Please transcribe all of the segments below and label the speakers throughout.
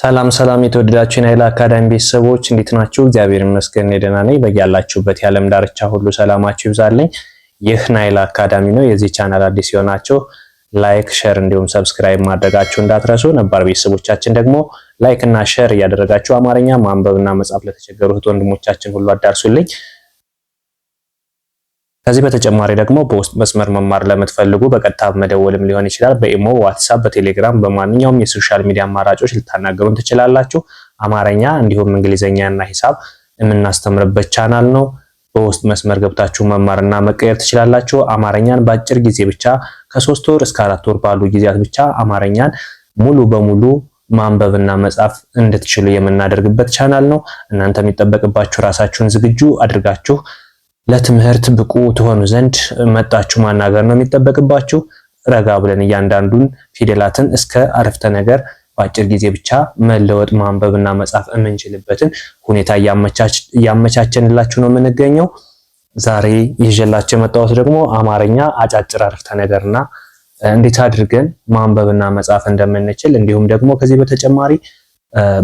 Speaker 1: ሰላም ሰላም የተወደዳችሁ የናይል አካዳሚ ቤተሰቦች እንዴት ናችሁ? እግዚአብሔር ይመስገን ደህና ነኝ። በያላችሁበት የዓለም ዳርቻ ሁሉ ሰላማችሁ ይብዛልኝ። ይህ ናይል አካዳሚ ነው። የዚህ ቻናል አዲስ የሆናችሁ ላይክ፣ ሸር እንዲሁም ሰብስክራይብ ማድረጋችሁ እንዳትረሱ። ነባር ቤተሰቦቻችን ደግሞ ላይክ እና ሸር እያደረጋችሁ አማርኛ ማንበብና መጻፍ ለተቸገሩት ወንድሞቻችን ሁሉ አዳርሱልኝ። ከዚህ በተጨማሪ ደግሞ በውስጥ መስመር መማር ለምትፈልጉ በቀጥታ መደወልም ሊሆን ይችላል። በኢሞ፣ ዋትሳፕ፣ በቴሌግራም በማንኛውም የሶሻል ሚዲያ አማራጮች ልታናገሩን ትችላላችሁ። አማርኛ እንዲሁም እንግሊዝኛና ሂሳብ የምናስተምርበት ቻናል ነው። በውስጥ መስመር ገብታችሁ መማርና መቀየር ትችላላችሁ። አማርኛን በአጭር ጊዜ ብቻ ከሶስት ወር እስከ አራት ወር ባሉ ጊዜያት ብቻ አማርኛን ሙሉ በሙሉ ማንበብና መጻፍ እንድትችሉ የምናደርግበት ቻናል ነው። እናንተ የሚጠበቅባችሁ ራሳችሁን ዝግጁ አድርጋችሁ ለትምህርት ብቁ ትሆኑ ዘንድ መጣችሁ ማናገር ነው የሚጠበቅባችሁ። ረጋ ብለን እያንዳንዱን ፊደላትን እስከ አረፍተ ነገር በአጭር ጊዜ ብቻ መለወጥ ማንበብና መጻፍ የምንችልበትን ሁኔታ እያመቻቸንላችሁ ነው የምንገኘው። ዛሬ ይዤላችሁ የመጣሁት ደግሞ አማርኛ አጫጭር አረፍተ ነገርና እንዴት አድርገን ማንበብና መጻፍ እንደምንችል እንዲሁም ደግሞ ከዚህ በተጨማሪ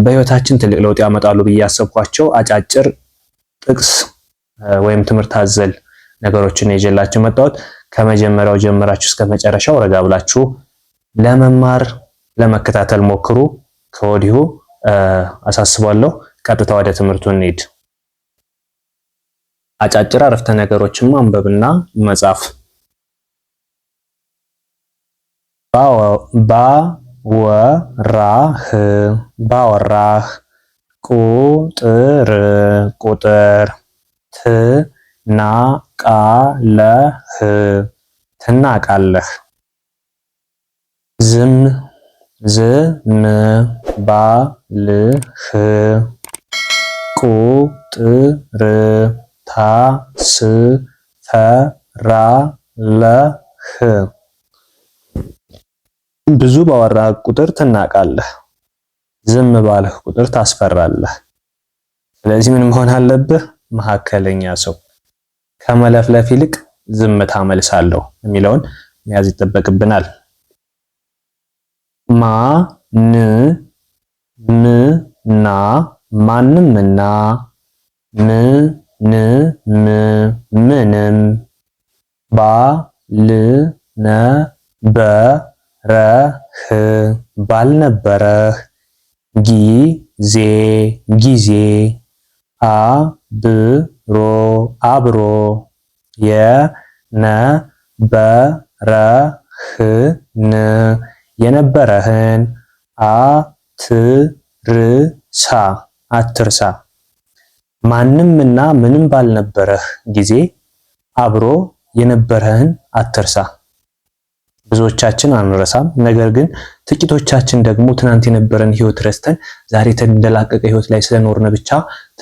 Speaker 1: በህይወታችን ትልቅ ለውጥ ያመጣሉ ብዬ ያሰብኳቸው አጫጭር ጥቅስ ወይም ትምህርት አዘል ነገሮችን ይዤላችሁ መጣሁት። ከመጀመሪያው ጀምራችሁ እስከ መጨረሻው ረጋ ብላችሁ ለመማር ለመከታተል ሞክሩ። ከወዲሁ አሳስባለሁ። ቀጥታ ወደ ትምህርቱ እንሂድ። አጫጭር አረፍተ ነገሮችን ማንበብና መጻፍ። ባወራህ ባወራህ ቁጥር ቁጥር ትናቃለህ ትናቃለህ ዝም ዝም ባልህ ቁጥር ታስፈራለህ ብዙ ባወራህ ቁጥር ትናቃለህ ዝም ባልህ ቁጥር ታስፈራለህ ስለዚህ ምን መሆን አለብህ መካከለኛ ሰው ከመለፍለፍ ይልቅ ዝምታ መልሳለሁ የሚለውን መያዝ ይጠበቅብናል። ማ ን ም ና ማንም እና ም ን ም ምንም ባ ል ነ በ ረ ህ ባልነበረህ ጊዜ ጊዜ አ ብሮ አብሮ የነበረህን የነበረህን አትርሳ አትርሳ ማንምና ምንም ባልነበረህ ጊዜ አብሮ የነበረህን አትርሳ። ብዙዎቻችን አንረሳም። ነገር ግን ጥቂቶቻችን ደግሞ ትናንት የነበረን ህይወት ረስተን ዛሬ የተደላቀቀ ህይወት ላይ ስለኖርን ብቻ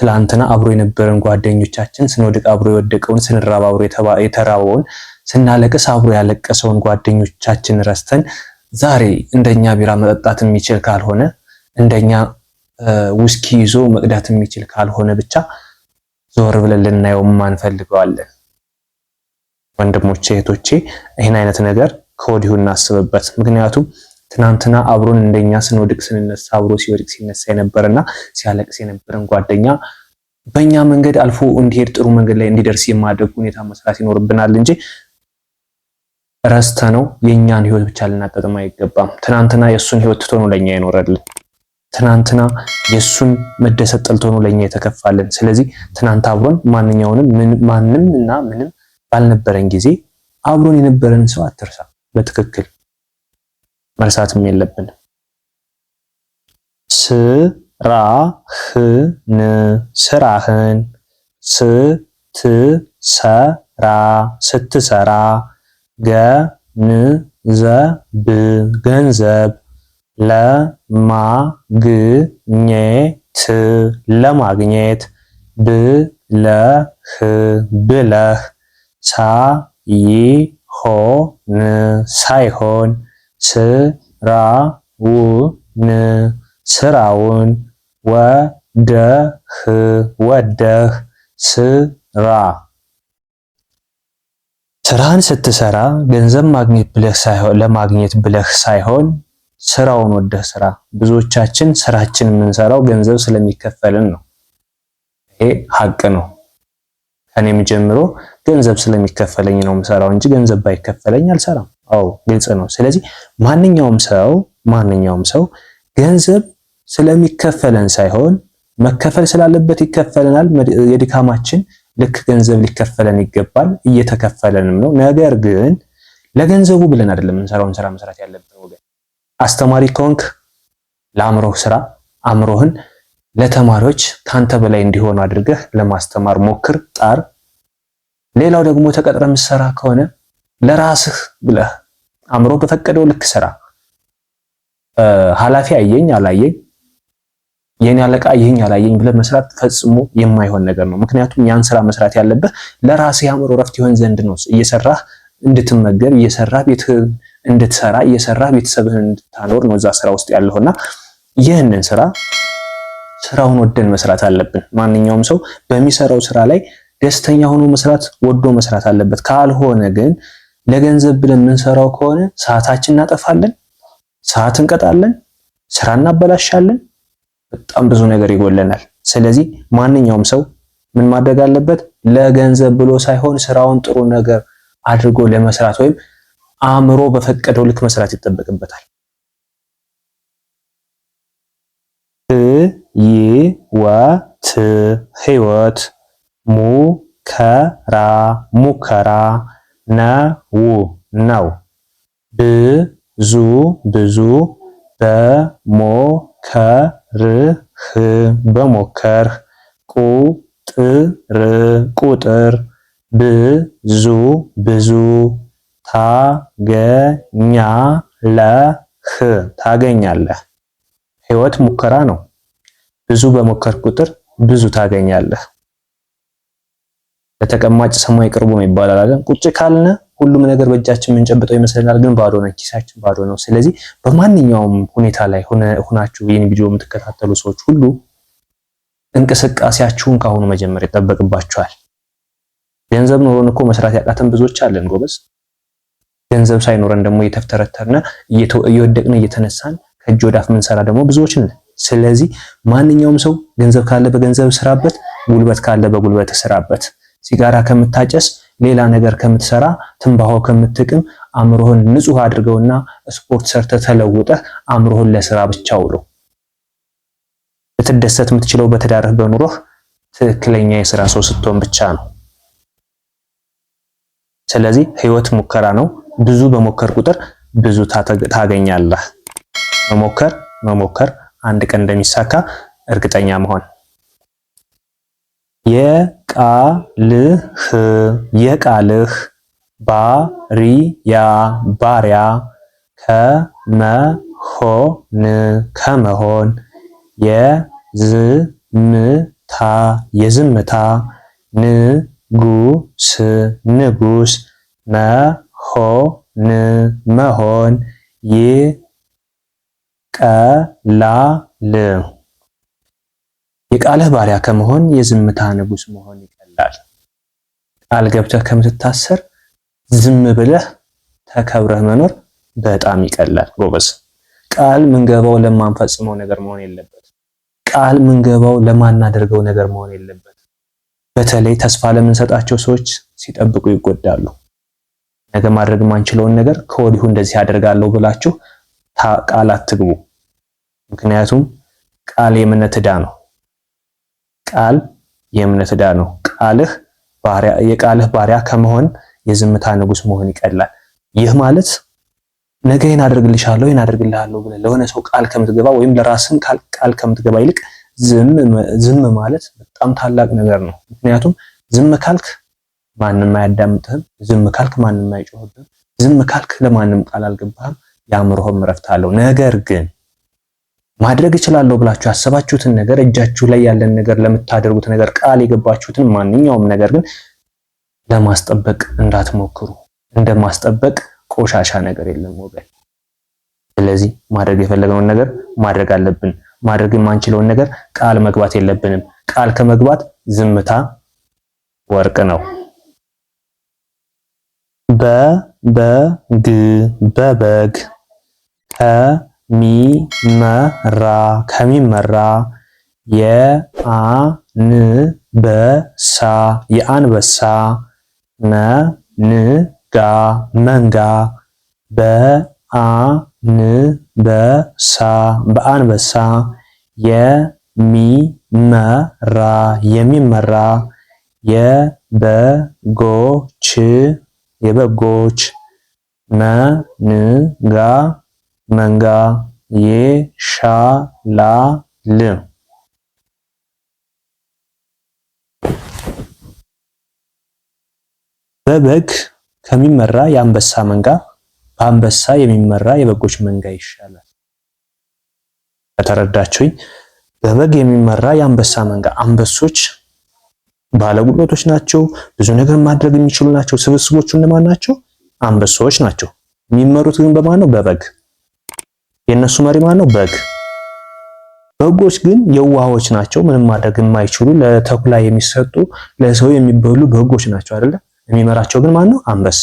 Speaker 1: ትላንትና አብሮ የነበረን ጓደኞቻችን ስንወድቅ አብሮ የወደቀውን፣ ስንራብ አብሮ የተራበውን፣ ስናለቅስ አብሮ ያለቀሰውን ጓደኞቻችን ረስተን ዛሬ እንደኛ ቢራ መጠጣት የሚችል ካልሆነ እንደኛ ውስኪ ይዞ መቅዳት የሚችል ካልሆነ ብቻ ዞር ብለን ልናየውም አንፈልገዋለን። ወንድሞቼ እህቶቼ፣ ይህን አይነት ነገር ከወዲሁ እናስብበት። ምክንያቱም ትናንትና አብሮን እንደኛ ስንወድቅ ስንነሳ አብሮ ሲወድቅ ሲነሳ የነበረና ሲያለቅስ የነበረን ጓደኛ በእኛ መንገድ አልፎ እንዲሄድ ጥሩ መንገድ ላይ እንዲደርስ የማድረግ ሁኔታ መስራት ይኖርብናል እንጂ ረስተ ነው የእኛን ህይወት ብቻ ልናጠጥም አይገባም። ትናንትና የእሱን ህይወት ትቶ ነው ለእኛ ይኖረልን። ትናንትና የእሱን መደሰት ጠልቶ ነው ለእኛ የተከፋልን። ስለዚህ ትናንት አብሮን ማንኛውንም ማንም እና ምንም ባልነበረን ጊዜ አብሮን የነበረን ሰው አትርሳ። በትክክል መርሳትም የለብንም። ስራህን ስራህን ስትሰራ ስትሰራ ገንዘብ ገንዘብ ለማግኘት ለማግኘት ብለህ ብለህ ሳይ ሆን ሳይሆን ስራውን ስራውን ወደህ ወደህ ስራ ስራህን ስትሰራ ገንዘብ ማግኘት ብለህ ሳይሆን ለማግኘት ብለህ ሳይሆን ስራውን ወደህ ስራ። ብዙዎቻችን ስራችን የምንሰራው ገንዘብ ስለሚከፈልን ነው። ይሄ ሀቅ ነው ከኔም ጀምሮ ገንዘብ ስለሚከፈለኝ ነው የምሰራው እንጂ ገንዘብ ባይከፈለኝ አልሰራም። አዎ ግልጽ ነው። ስለዚህ ማንኛውም ሰው ማንኛውም ሰው ገንዘብ ስለሚከፈለን ሳይሆን መከፈል ስላለበት ይከፈለናል። የድካማችን ልክ ገንዘብ ሊከፈለን ይገባል፣ እየተከፈለንም ነው። ነገር ግን ለገንዘቡ ብለን አይደለም እንሰራውን ስራ መስራት ያለብን ወገን። አስተማሪ ከሆንክ ለአእምሮህ ስራ፣ አእምሮህን ለተማሪዎች ካንተ በላይ እንዲሆኑ አድርገህ ለማስተማር ሞክር፣ ጣር። ሌላው ደግሞ ተቀጥረ ምሰራ ከሆነ ለራስህ ብለህ አእምሮ በፈቀደው ልክ ስራ። ኃላፊ አየኝ አላየኝ፣ የኔ አለቃ ይህኝ አላየኝ ብለህ መስራት ፈጽሞ የማይሆን ነገር ነው። ምክንያቱም ያን ስራ መስራት ያለብህ ለራስህ የአእምሮ ረፍት ይሆን ዘንድ ነው። እየሰራህ እንድትመገብ፣ እየሰራህ ቤትህን እንድትሰራ፣ እየሰራህ ቤተሰብህን እንድታኖር ነው እዛ ስራ ውስጥ ያለውና ይህንን ስራ ስራውን ወደን መስራት አለብን። ማንኛውም ሰው በሚሰራው ስራ ላይ ደስተኛ ሆኖ መስራት ወዶ መስራት አለበት። ካልሆነ ግን ለገንዘብ ብለን የምንሰራው ከሆነ ሰዓታችን እናጠፋለን፣ ሰዓት እንቀጣለን፣ ስራ እናበላሻለን፣ በጣም ብዙ ነገር ይጎለናል። ስለዚህ ማንኛውም ሰው ምን ማድረግ አለበት? ለገንዘብ ብሎ ሳይሆን ስራውን ጥሩ ነገር አድርጎ ለመስራት ወይም አእምሮ በፈቀደው ልክ መስራት ይጠበቅበታል። ህይወት ህይወት ሙከራ ሙከራ ነው ነው ብዙ ብዙ በሞከርህ በሞከርህ ቁጥር ቁጥር ብዙ ብዙ ታገኛለህ ታገኛለህ። ህይወት ሙከራ ነው። ብዙ በሞከር ቁጥር ብዙ ታገኛለህ። ለተቀማጭ ሰማይ ቅርቡ ይባላል አይደል? ቁጭ ካልነ ሁሉም ነገር በእጃችን የምንጨብጠው ይመስለናል፣ ግን ባዶ ነው፣ ኪሳችን ባዶ ነው። ስለዚህ በማንኛውም ሁኔታ ላይ ሆናችሁ ይህን ቪዲዮ የምትከታተሉ ሰዎች ሁሉ እንቅስቃሴያችሁን ከአሁኑ መጀመር ይጠበቅባችኋል። ገንዘብ ኖሮን እኮ መስራት ያቃተን ብዙዎች አለን ጎበዝ። ገንዘብ ሳይኖረን ደግሞ እየተፍተረተርነ እየወደቅነ እየተነሳን ከእጅ ወዳፍ ምንሰራ ደግሞ ብዙዎች ነን። ስለዚህ ማንኛውም ሰው ገንዘብ ካለ በገንዘብ ስራበት፣ ጉልበት ካለ በጉልበት ስራበት። ሲጋራ ከምታጨስ ሌላ ነገር ከምትሰራ ትንባሆ ከምትቅም አእምሮህን ንጹህ አድርገውና ስፖርት ሰርተ ተለውጠህ አእምሮህን ለስራ ብቻ ውሎ ልትደሰት የምትችለው በትዳርህ በኑሮህ ትክክለኛ የስራ ሰው ስትሆን ብቻ ነው። ስለዚህ ህይወት ሙከራ ነው። ብዙ በሞከር ቁጥር ብዙ ታገኛለህ። መሞከር መሞከር አንድ ቀን እንደሚሳካ እርግጠኛ መሆን ቃልህ የቃልህ ባሪያ ባሪያ ከመሆን ከመሆን የዝምታ የዝምታ ንጉስ ንጉስ መሆን መሆን ይቀላል የቃለህ ባሪያ ከመሆን የዝምታ ንጉስ መሆን ይቀላል። ቃል ገብተህ ከምትታሰር ዝም ብለህ ተከብረህ መኖር በጣም ይቀላል። ጎበዝ ቃል ምንገባው ለማንፈጽመው ነገር መሆን የለበት። ቃል ምንገባው ለማናደርገው ነገር መሆን የለበት። በተለይ ተስፋ ለምንሰጣቸው ሰዎች ሲጠብቁ ይጎዳሉ። ነገ ማድረግ ማንችለውን ነገር ከወዲሁ እንደዚህ አደርጋለሁ ብላችሁ ቃል አትግቡ። ምክንያቱም ቃል የምነት ዕዳ ነው። ቃል የእምነት ዕዳ ነው። ቃልህ ባሪያ የቃልህ ባሪያ ከመሆን የዝምታ ንጉስ መሆን ይቀላል። ይህ ማለት ነገ ይህን አደርግልሻለሁ ይህን አደርግልሃለሁ ብለህ ለሆነ ሰው ቃል ከምትገባ ወይም ለራስን ቃል ከምትገባ ይልቅ ዝም ማለት በጣም ታላቅ ነገር ነው። ምክንያቱም ዝም ካልክ ማንም አያዳምጥህም። ዝም ካልክ ማንም አይጮህብህም። ዝም ካልክ ለማንም ቃል አልገባህም። የአእምሮህም እረፍት አለው። ነገር ግን ማድረግ እችላለሁ ብላችሁ ያሰባችሁትን ነገር እጃችሁ ላይ ያለን ነገር ለምታደርጉት ነገር ቃል የገባችሁትን ማንኛውም ነገር ግን ለማስጠበቅ እንዳትሞክሩ። እንደማስጠበቅ ቆሻሻ ነገር የለም ወገን። ስለዚህ ማድረግ የፈለግነውን ነገር ማድረግ አለብን። ማድረግ የማንችለውን ነገር ቃል መግባት የለብንም። ቃል ከመግባት ዝምታ ወርቅ ነው። በበግ በበግ ሚመራ ከሚመራ የአንበሳ የአንበሳ መንጋ መንጋ በአንበሳ በአንበሳ የሚመራ የሚመራ የበጎች የበጎች መንጋ መንጋ የሻላል በበግ ከሚመራ የአንበሳ መንጋ በአንበሳ የሚመራ የበጎች መንጋ ይሻላል። ከተረዳችሁኝ፣ በበግ የሚመራ የአንበሳ መንጋ አንበሶች ባለጉልበቶች ናቸው። ብዙ ነገር ማድረግ የሚችሉ ናቸው። ስብስቦቹ እነማን ናቸው? አንበሶች ናቸው። የሚመሩት ግን በማን ነው? በበግ የእነሱ መሪ ማን ነው? በግ። በጎች ግን የዋሆች ናቸው። ምንም ማድረግ የማይችሉ ለተኩላ የሚሰጡ ለሰው የሚበሉ በጎች ናቸው አይደለ? የሚመራቸው ግን ማን ነው? አንበሳ።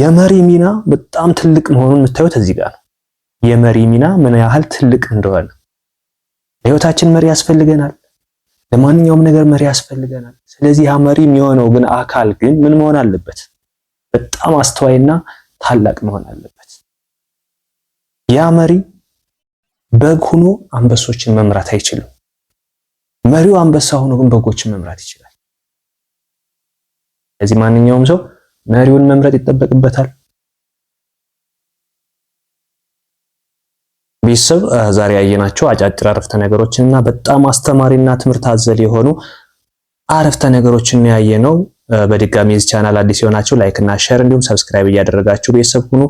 Speaker 1: የመሪ ሚና በጣም ትልቅ መሆኑን የምታዩት እዚህ ጋር ነው። የመሪ ሚና ምን ያህል ትልቅ እንደሆነ ለህይወታችን መሪ ያስፈልገናል። ለማንኛውም ነገር መሪ ያስፈልገናል። ስለዚህ ያ መሪ የሚሆነው ግን አካል ግን ምን መሆን አለበት? በጣም አስተዋይና ታላቅ መሆን አለበት። ያ መሪ በግ ሆኖ አንበሶችን መምራት አይችልም። መሪው አንበሳ ሆኖ ግን በጎችን መምራት ይችላል። ስለዚህ ማንኛውም ሰው መሪውን መምረጥ ይጠበቅበታል። ቤተሰብ ዛሬ ያየናቸው አጫጭር አረፍተ ነገሮችንና በጣም አስተማሪና ትምህርት አዘል የሆኑ አረፍተ ነገሮችን ያየነው። በድጋሚ ዚህ ቻናል አዲስ የሆናችሁ ላይክ እና ሼር እንዲሁም ሰብስክራይብ እያደረጋችሁ ቤተሰብ ሁኑ።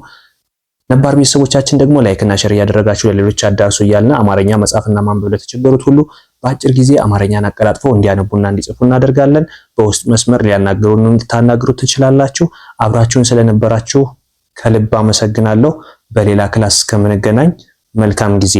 Speaker 1: ነባር ቤተሰቦቻችን ደግሞ ላይክና ሸር እያደረጋችሁ ለሌሎች አዳርሱ እያልን አማርኛ መጻፍና ማንበብ ለተቸገሩት ሁሉ በአጭር ጊዜ አማርኛን አቀላጥፈው እንዲያነቡና እንዲጽፉ እናደርጋለን። በውስጥ መስመር ሊያናግሩን እንድታናግሩ ትችላላችሁ። አብራችሁን ስለነበራችሁ ከልብ አመሰግናለሁ። በሌላ ክላስ እስከምንገናኝ መልካም ጊዜ